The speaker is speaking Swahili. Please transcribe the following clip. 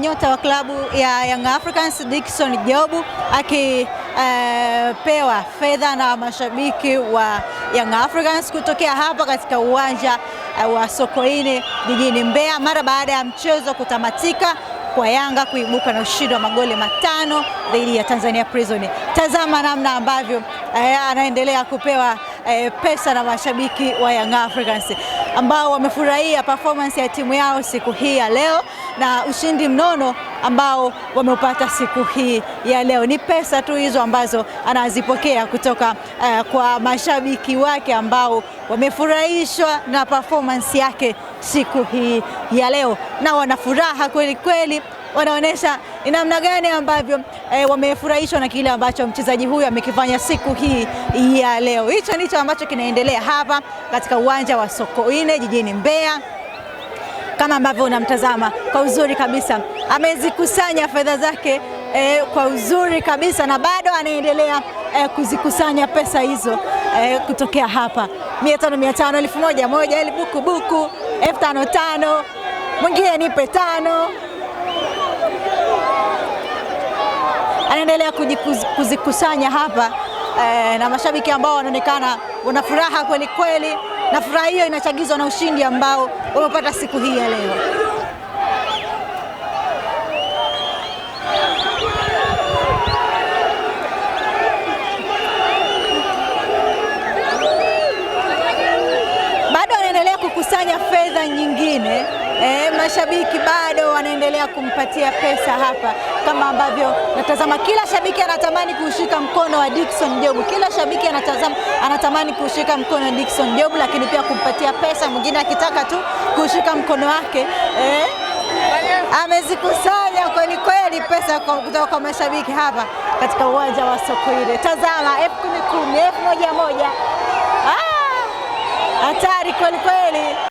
nyota wa klabu ya Young Africans Dickson Jobu akipewa uh, fedha na mashabiki wa Young Africans kutokea hapa katika uwanja uh, wa Sokoine jijini Mbeya mara baada ya mchezo kutamatika kwa Yanga kuibuka na ushindi wa magoli matano dhidi ya Tanzania Prison. Tazama namna ambavyo uh, anaendelea kupewa eh, pesa na mashabiki wa Young Africans ambao wamefurahia performance ya timu yao siku hii ya leo na ushindi mnono ambao wameupata siku hii ya leo. Ni pesa tu hizo ambazo anazipokea kutoka eh, kwa mashabiki wake ambao wamefurahishwa na performance yake siku hii ya leo, na wana furaha kweli kweli, wanaonyesha ni namna gani ambavyo eh, wamefurahishwa na kile ambacho mchezaji huyu amekifanya siku hii ya leo. Hicho ndicho ambacho kinaendelea hapa katika uwanja wa Sokoine jijini Mbeya kama ambavyo unamtazama kwa uzuri kabisa, amezikusanya fedha zake eh, kwa uzuri kabisa, na bado anaendelea eh, kuzikusanya pesa hizo eh, kutokea hapa mia tano mia tano elfu moja moja elfu buku buku elfu tano tano mwingine nipe tano wanaendelea kuzikusanya hapa e, na mashabiki ambao wanaonekana wana furaha kweli kweli, na furaha hiyo inachagizwa na ushindi ambao wamepata siku hii ya leo. Bado wanaendelea kukusanya fedha nyingine. Eh, mashabiki bado wanaendelea kumpatia pesa hapa, kama ambavyo natazama, kila shabiki anatamani kushika mkono wa Dickson Job, kila shabiki anatazama, anatamani kushika mkono wa Dickson Job, lakini pia kumpatia pesa, mwingine akitaka tu kushika mkono wake eh, amezikusanya kweli kweli pesa kutoka kwa mashabiki hapa katika uwanja wa Sokoine. Tazama elfu kumi kumi, elfu moja moja, ah, hatari kweli kweli.